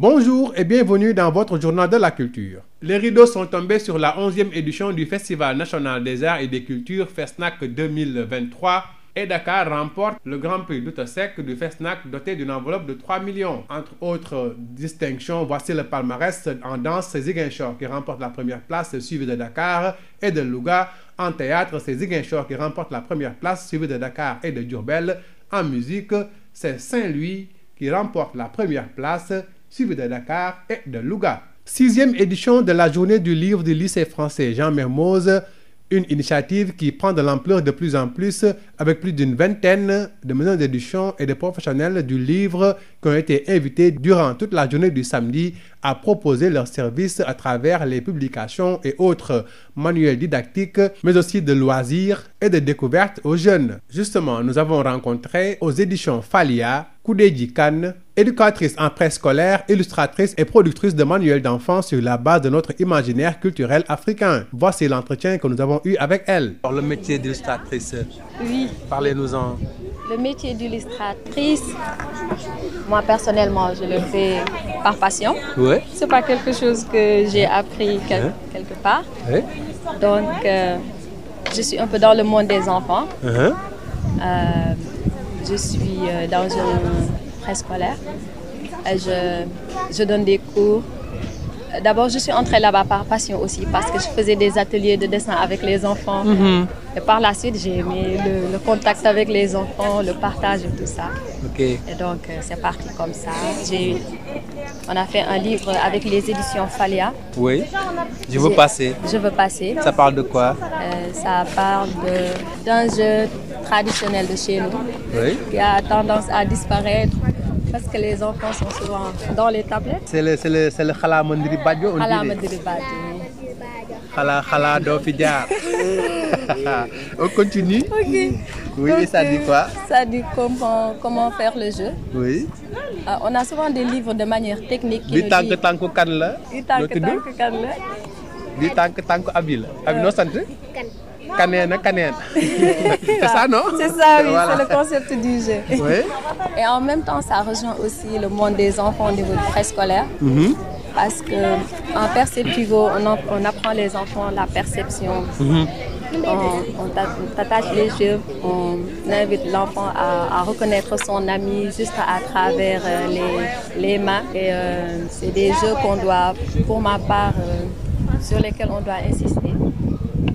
Bonjour et bienvenue dans votre journal de la culture. Les rideaux sont tombés sur la 11e édition du Festival national des arts et des cultures FESNAC et Dakar remporte le Grand Prix d'Outasek du FESNAC doté d'une enveloppe de 3 millions. Entre autres distinctions, voici le palmarès en danse, c'est Ziguinchor qui remporte la première place, suivi de Dakar et de Louga. En théâtre, c'est Ziguinchor qui remporte la première place, suivi de Dakar En musique, c'est Saint-Louis qui remporte la première place suivi de Dakar et de Sixième édition de la journée du livre du lycée français Jean Mermoz, une initiative qui prend de l'ampleur de plus en plus avec plus d'une vingtaine de maisons d'édition et de professionnels du livre qui ont été invités durant toute la journée du samedi à proposer leurs services à travers les publications et autres manuels didactiques, mais aussi de loisirs et de découvertes aux jeunes. Justement, nous avons rencontré aux éditions Falia, éducatrice en préscolaire, illustratrice et productrice de manuels d'enfants sur la base de notre imaginaire culturel africain. Voici l'entretien que nous avons eu avec elle. Alors, le métier d'illustratrice. en moi personnellement, je le fais par passion. Donc, euh, je suis un peu dans le monde des enfants. Euh, je suis euh, dans un préscolaire. Je, je donne des cours. D'abord, je suis entrée là-bas par passion aussi, parce que je faisais des ateliers de dessin avec les enfants. Mm -hmm. Et par la suite, j'ai aimé le, le, contact avec les enfants, le partage et tout ça. Okay. Et donc, euh, c'est parti comme ça. On a fait un livre avec les éditions Falia. Oui. Je veux passer. Je veux passer. Ça parle de quoi euh, Ça parle d'un jeu traditionnel de chez nous oui. qui a tendance à disparaître parce que les enfants sont souvent dans les tablettes. c'est le c'est le c'est le xalaamandiri Badjo. on xalaamandiri Badjo. xalaa xalaa on continue. ok euh, comment faire le jeu. Ah, on a souvent des livres de manière technique. qui bi tànk la. bi tànk kan la. bi tànk tànku abi la. abi euh, noo sant. kan. Canena, Canena. c'est ça, non C'est ça, oui, voilà. c'est le concept du jeu. Oui. Et en même temps, ça rejoint aussi le monde des enfants au niveau du préscolaire. Mm -hmm. Parce que en perceptivo, on, en, on apprend les enfants la perception. Mm -hmm. On, on t'attache les jeux, on invite l'enfant à, à, reconnaître son ami juste à travers euh, les, les, mains. Et euh, c'est des jeux qu'on doit, pour ma part, euh, sur lesquels on doit insister.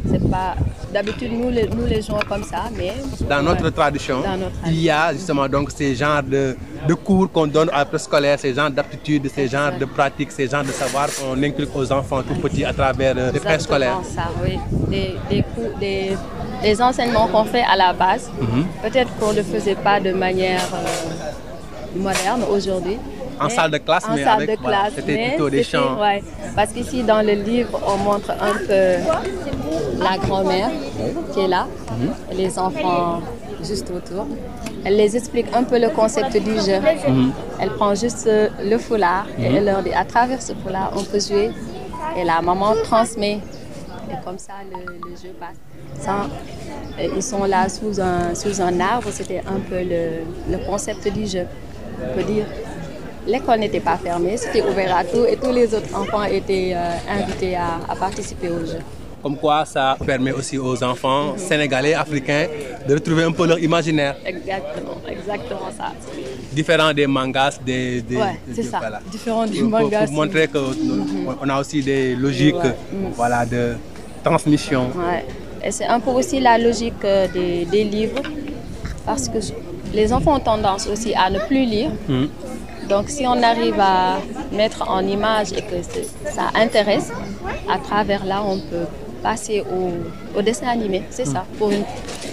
C'est pas D'habitude, nous les, nous comme ça, mais... Dans notre, tradition, dans notre tradition, il y a justement donc de, cours qu'on donne à préscolaire, ces genres d'aptitudes, ces genres de pratiques, ces genres de savoirs qu'on inculque aux enfants à travers euh, les préscolaires. ça, oui. à la base, mm -hmm. peut-être pas de manière euh, moderne aujourd'hui, en salle de classe, en mais salle avec, de voilà, classe, c'était plutôt des chants. Ouais, parce qu'ici, dans le livre, on montre un peu la grand-mère qui est là, mmh. les enfants juste autour. Elle les explique un peu le concept du jeu. Mmh. Elle prend juste euh, le foulard mmh. et mhm. elle leur dit à travers ce foulard, on peut jouer. Et la maman transmet. Et comme ça, le, le jeu passe. Sans, euh, ils sont là sous un, sous un arbre, c'était un peu le, le concept du jeu, on peut dire. l'école n'était pas fermée, c'était ouvert à tout et tous les autres enfants étaient euh, invités à, à, participer au jeu. Comme quoi, ça permet aussi aux enfants mm -hmm. sénégalais, africains, de retrouver un peu leur imaginaire. Exactement, exactement ça. Différent des mangas, des... des ouais, c'est ça, voilà. différent des mangas. Pour, pour montrer qu'on mm -hmm. a aussi des logiques ouais. voilà, de transmission. Ouais. Et c'est un peu aussi la logique euh, des, des livres, parce que je, les enfants ont tendance aussi à ne plus lire. Mm -hmm Donc si on arrive à mettre en image et que ça intéresse, à travers là, on peut passer au, au dessin animé, c'est ça, pour une,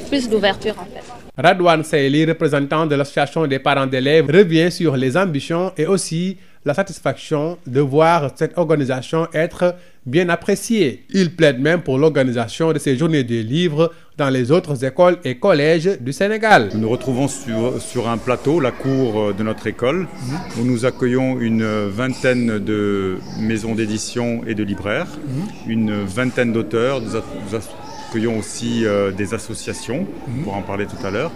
plus d'ouverture en fait. Radwan Saeli, représentant de l'association des parents d'élèves, revient sur les ambitions et aussi la satisfaction de voir cette organisation être bien appréciée. Il plaide même pour l'organisation de ces journées des livres dans les autres écoles et collèges du Sénégal. Nous nous retrouvons sur, sur un plateau, la cour euh, de notre école, mmh. où nous accueillons une vingtaine de maisons d'édition et de libraires, mmh. une vingtaine d'auteurs, nous, accueillons aussi euh, des associations, mmh. pour en parler tout à l'heure.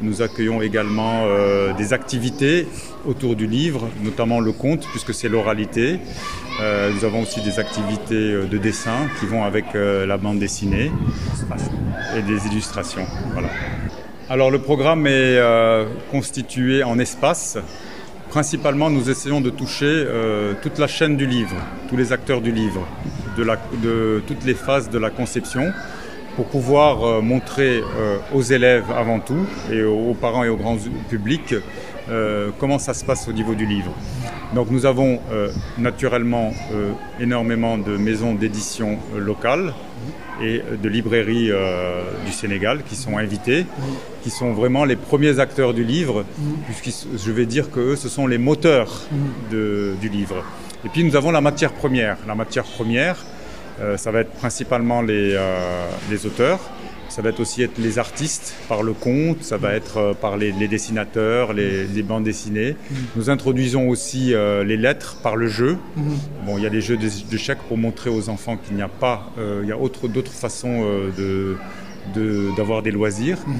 Nous accueillons également euh, des activités autour du livre, notamment le conte, puisque c'est l'oralité. Euh, nous avons aussi des activités euh, de dessin qui vont avec euh, la bande dessinée et des illustrations. Voilà. Alors le programme est constitué en espaces. Principalement, nous essayons de toucher toute la chaîne du livre, tous les acteurs du livre, de, la, toutes les phases de la conception, pour pouvoir euh, montrer euh, aux élèves avant tout et aux, parents et au grand public comment ça se passe au niveau du livre. Donc nous avons euh, naturellement euh, énormément de maisons d'édition euh, locales et euh, de librairies euh, du Sénégal qui sont invitées, qui sont vraiment les premiers acteurs du livre, puisque je vais dire que ce sont les moteurs de, du livre. Et puis nous avons la matière première. La matière première, euh, ça va être principalement les auteurs, Ça va être aussi être les artistes par le conte, ça va être euh, par les, les dessinateurs, les, les, bandes dessinées. Mhm. Nous introduisons aussi euh, les lettres par le jeu. Mhm. Bon, il y a les jeux de, de chèques pour montrer aux enfants qu'il n'y a pas, euh, euh de, d'avoir de, des loisirs. Mhm.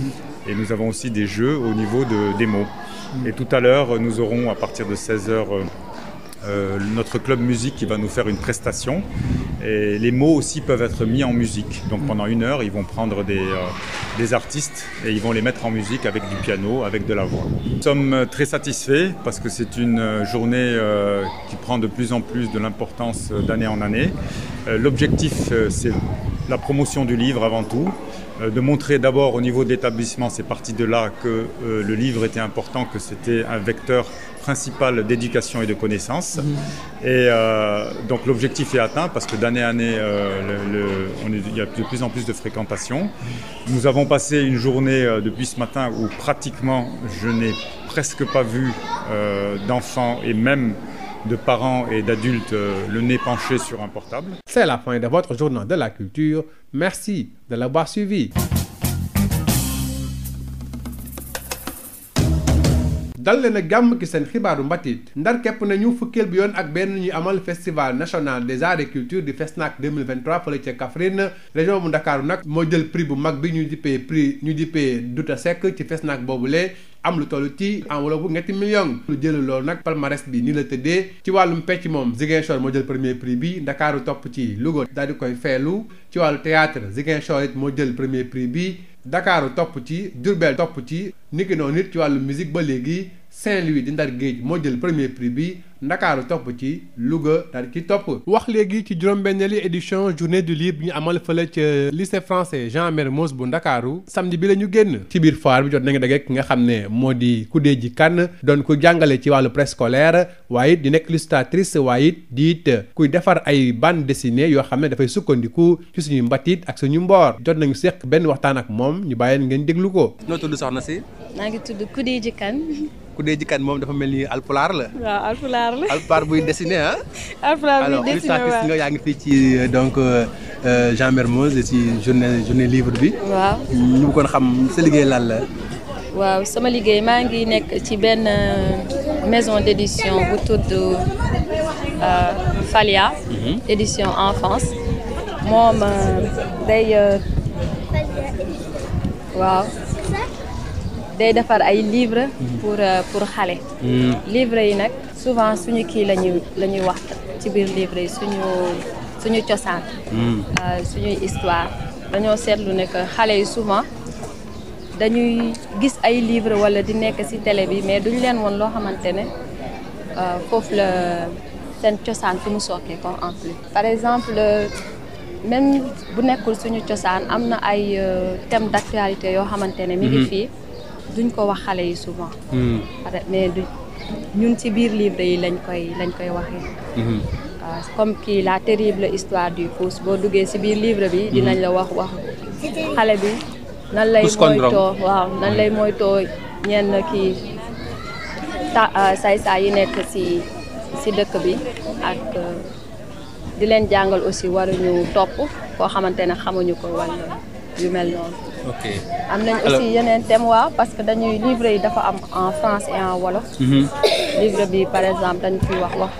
Et nous avons aussi des jeux au niveau de, des mots. Et tout à l'heure, nous aurons à partir de 16h euh, notre club musique qui va nous faire une prestation. Et les mots aussi peuvent être mis en musique. Donc mm. pendant une heure, ils vont prendre des, euh, des artistes et ils vont les mettre en musique avec du piano, avec de la voix. Nous sommes euh, très satisfaits parce que c'est une euh, journée euh, qui prend de plus en plus de l'importance euh, d'année en année. L'objectif, c'est la promotion du livre avant tout. Euh, de montrer d'abord au niveau de l'établissement, c'est parti de là que euh, le livre était important, que c'était un vecteur principal d'éducation et de connaissance. Mmh. Et euh, donc l'objectif est atteint parce que d'année à année, euh, le, le, on est, il y a de plus en plus de fréquentation. Nous avons passé une journée euh, depuis ce matin où pratiquement je n'ai presque pas vu euh, d'enfants et même de parents et d'adultes euh, le nez penché sur un portable. C'est la fin de votre journal de la culture. Merci de l'avoir suivi. dal leen a gàmm ki seen xibaaru mbatit ndar képp nañu fukkeel bi yoon ak benn ñuy amal festival national des arts et culture di FESNAC 2023 fële ca Kaffrine région bu Ndakaaru nag moo jël prix bu mag bi ñu dippee prix ñu dippee Douta Seck ci FESNAC boobule am lu toll ci enveloppe bu ñetti million lu jël loolu nag palmarès bi ni la tëddee ci wàllum pecc moom Ziguinchor moo jël premier prix bi Ndakaaru topp ci Louga daal di koy feelu ci wàllu théâtre Ziguinchor it moo jël premier prix bi Ndakaaru topp ci Diourbel topp ci niki nit ci wàllu musique ba léegi Saint-Louis di ndar géej moo jël premier prix bi ndakaaru topp ci Louga daal ci topp. wax léegi ci juróom-benneeli édition journée du livre bi ñu amal fële ca lycée français Jean Mermoz bu ndakaaru samedi bi la ñu génn. ci biir foire bi jot nañu daje ki nga xam ne moo di Kudé ji kan doon ku jàngale ci wàllu préscolaire waaye it di nekk illustratrice waaye it di kuy defar ay bande dessinée yoo xam ne dafay sukkandiku ci suñu mbatit ak suñu mboor jot nañu seq benn waxtaan ak ñu bàyyi ngeen déglu ko. noo ku dee jikaan moom dafa mel ni alpulaar la. waaw alpulaar buy dessiné ah. alpulaar buy dessiné yaa ngi fii ci euh, donc euh, euh, Jean Mermoz ci journée journée livre bi. waaw ñu bëggoon xam sa liggéey lan la. waaw sama liggéey maa ngi nekk ci benn maison d'édition bu tudd Falia. Mhm. édition enfance. moom day waaw. day defar ay livre pour euh, pour xale mm. livre yi nag souvent suñu kii la ñuy la ñuy wax ci biir livre yi suñu suñu cosaan mm. euh, suñuy histoire dañoo seetlu ne que xale yi souvent dañuy gis ay livre wala di nekk ci télé bi mais duñ leen woon loo xamante ne euh, foofu la seen cosaan fu mu sokkee ko en plus par exemple même bu nekkul suñu cosaan am na ay thème d'actualité yoo xamante ne mi ngi mm-hmm. fii duñ ko wax xale yi souvent. Hmm. mais du ñun ci biir livre yi lañ koy lañ koy waxee. Hmm. comme kii la terrible histoire du pouce boo duggee ci biir livre bi. Hmm. dinañ la wax wax xale bi. nan lay moytoo waaw nan lay moytoo ñenn kii ta euh, saay-saay yi nekk ci ci dëkk bi ak euh, di leen jàngal aussi waruñu topp koo xamante ne xamuñu ko walla. yu mel noonu. am nañ aussi yeneen thèmes waaw parce que dañuy livre yi dafa am en France et en wolof. Mhm. livre bi par exemple dañ fi wax wax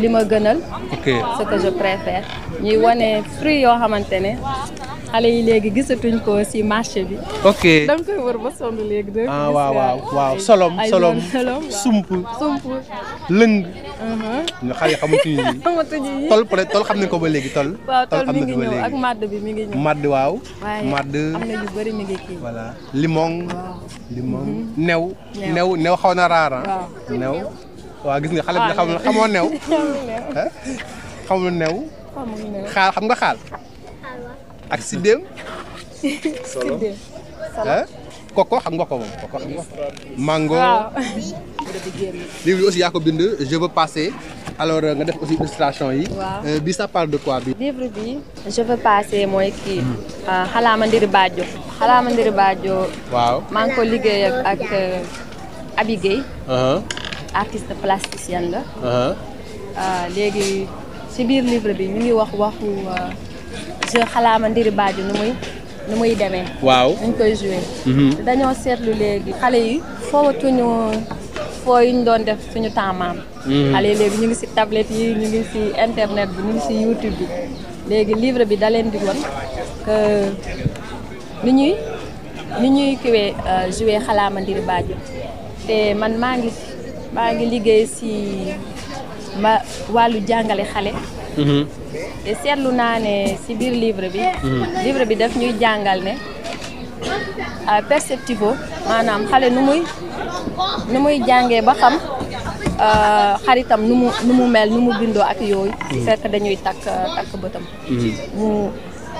li ma gënal. ok ce que je préfère. ñuy wane fruit yoo xamante ne. xale yi léegi gisatuñ ko ci marché bi. ok da nga koy wër ba léegi. ah waaw solom solom sump sump lëng. ñu mm-hmm. xale xamatuñu yi tol peut être tol xam ne ko ba léegi tol tol am na fi ba léegi ak ngi ñëw waaw madd am na ngi kii voilà limon new new new xaw na raara ah. new waaw gis nga xale bi xam xamoo new xamul new xaal xam nga xaal ak siddéem siddéem koko xam nga ko mango livre bi aussi yaa ko bind je veux passer alors euh, nga def aussi illustration yi. Euh, bi sa parle de quoi bi. livre bi je veux passer mooy kii. Euh, xalaa ma ndiri baajo Bajo. ma ndiri Bajo. waaw maa ngi ko liggéey ak Abi Guèye. Uh-huh. artiste plasticienne la. Uh-huh. léegi ci biir livre bi ñu ngi wax waxu je ma ndiri baajo nu muy. nu muy demee. waaw ñu koy joué. Mm-hmm. dañoo seetlu léegi xale yi foogatuñu. foo yu ñu doon def suñu temps maam mm-hmm. xale léegi ñu ngi si tablette yi ñu ngi si internet bi ñu ngi si YouTube bi léegi livre bi da leen di woon que ni ñuy ni ñuy kiwee euh, joué xalaama ndiri baajo te man maa ngi maa ngi liggéey si ma jàngale xale mm-hmm. te seetlu naa ne si biir livre bi mm-hmm. livre bi daf ñuy jàngal ne Euh, perceptivo maanaam xale nu muy nu muy jàngee ba xam euh, xaritam nu mu nu mu mel nu mu bindoo ak yooyu mm. fekk dañuy takk takk bëtam mm. mu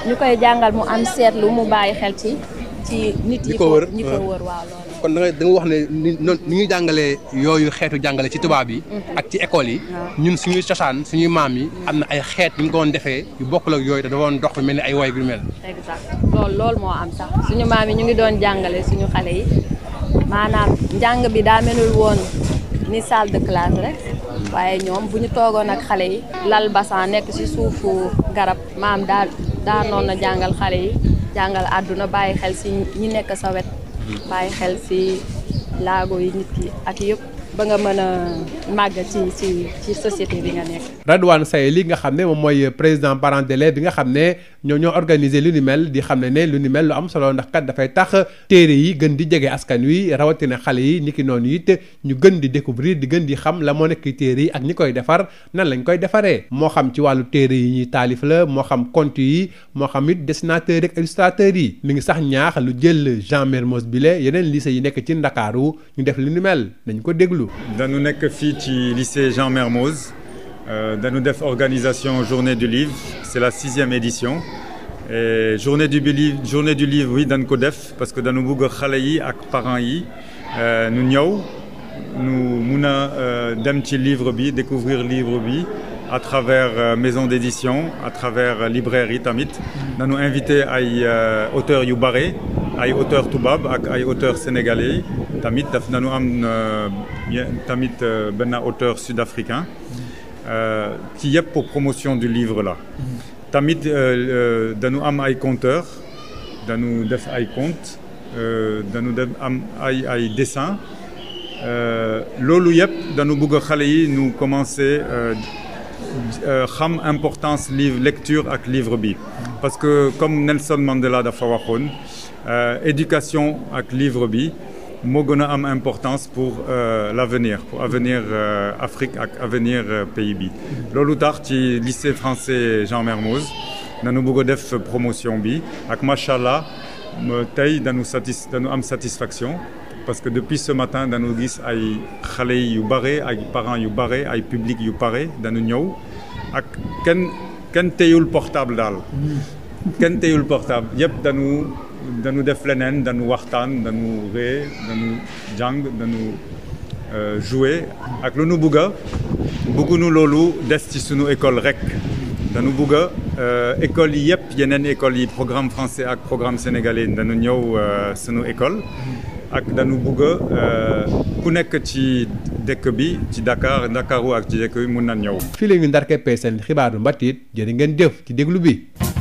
ñu koy jàngal mu am seetlu mu bàyyi xel ci ci nit yi ko wër ñi ko wër kon da nga wax ne ni nu ñuy jàngalee yooyu xeetu jàngale ci tubaab yi. Mm-hmm. ak ci école yi. ñun su ñuy cosaan suñuy maam yi. am na ay xeet yu ñu ko defee yu bokkul ak yooyu te dafa doon dox mel ni ay woy bi mel. lool lool moo am sax suñu maam yi ñu ngi doon jàngale suñu xale yi maanaam jàng bi daa melul woon ni salle de classe rek waaye ñoom bu ñu toogoon ak xale yi lal basan nekk ci suufu garab maam daa daanoon na jàngal xale yi jàngal àdduna bàyyi xel ci ñi nekk sa wet bàyyi xel ci laago yi nit ki ak yëpp ba nga mën a màgg ci ci ci société bi nga nekk. Radouane Saye li nga xam ne mooy président parent d'élève bi nga xam ne. ñoo ñoo organiser lu ni mel di xam ne ne lu ni mel lu am solo ndax kat dafay tax téere yi gën di jege askan wi rawatina xale yi niki yi it ñu gën di découvrir di gën di xam la moo nekk téere yi ak ñi koy defar nan lañ koy defaree moo xam ci wàllu téere yi ñuy taalif la moo xam conte yi moo xam it dessinateurs ak illustrateurs yi mi ngi sax ñaax lu jël Jean Mermoz Bile yeneen lycée yi nekk ci Ndakaaru ñu def lu ni mel nañ ko déglu. dañu nekk fii ci lycée Jean Mermoz. Euh, dañu def organisation journée du livre c'est la sixième édition et journée du livre journée du dañ ko def parce que dañu bëgg xale yi ak parents yi ñu euh, ñëw ñu mun a euh, dem ci livre bi découvrir livre bi à travers maison d'édition à travers librairie tamit dañu invité ay auteurs yu bare ay auteurs tubaab ak ay auteurs sénégalais tamit daf nañu am tamit benn auteur sud-africain ci euh, yëpp promotion du livre la tamit euh, euh, dañu am ay conteur dañu def ay conte dañu def am ay ay dessin loolu yëpp dañu bëgg xale yi ñu commencé xam importance livre lecture ak livre bi parce que comme Nelson Mandela dafa waxoon éducation ak livre bi moo gën am importance pour euh, l'avenir pour avenir euh, Afrique ak avenir euh, pays bi loolu tax ci lycée français Jean Mermoz dañu bëgg a def promotion bi ak macha allah euh, tey dañu satis dañu am satisfaction parce que depuis ce matin dañu gis ay xale yu bare ay parents yu bare ay public yu bare danu ñëw ak kenn kenn teyul portable daal mm. kenn teyul portable yëpp dañu dañu def leneen dañu waxtaan dañu ree dañu jàng dañu euh, jouer ak lu nu bugga a loolu des ci sunu école rek danu bugg a euh, école yi yëpp yeneen école yi programme français ak programme sénégalais dañu ñëw euh, sunu école ak danu bugg a ku nekk ci dëkk bi ci Dakar Dakaru ak ci dëkk bi mun na ñëw fii la ñu ndarkeppee seen xibaaru mbatiit jërë ngeen jëf ci déglu bi